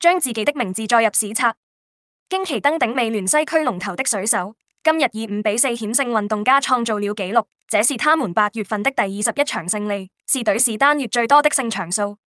將自己的名字載入史冊，驚奇登頂美聯西區龍頭的水手，今日以五比四險勝運動家，創造了紀錄。這是他們八月份的第二十一場勝利，是隊史單月最多的勝場數。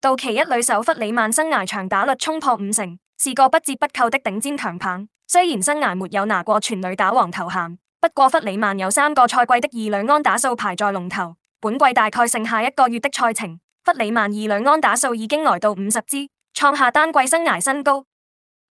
道奇一壘手弗里曼生涯長打率衝破五成，是個不折不扣的頂尖強棒。雖然生涯沒有拿過全壘打王頭銜，不過弗里曼有三個賽季的二壘安打數排在龍頭。本季大概剩下一個月的賽程，弗里曼二壘安打數已經來到五十支。創下單季生涯新高，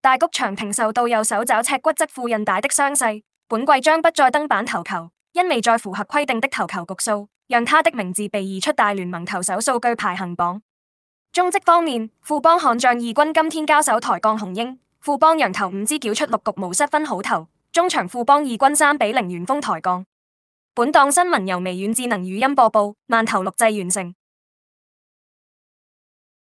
大谷翔平受到右手肘尺骨側副韌帶的傷勢，本季將不再登板投球，因未再符合規定的投球局數，讓他的名字被移出大聯盟投手數據排行榜。中職方面，富邦悍將二軍，今天交手台鋼紅鷹，富邦洋投五支繳出六局無失分好投，終場富邦二軍三比零完封台鋼。本檔新聞由微軟智能語音播報，慢投錄製完成。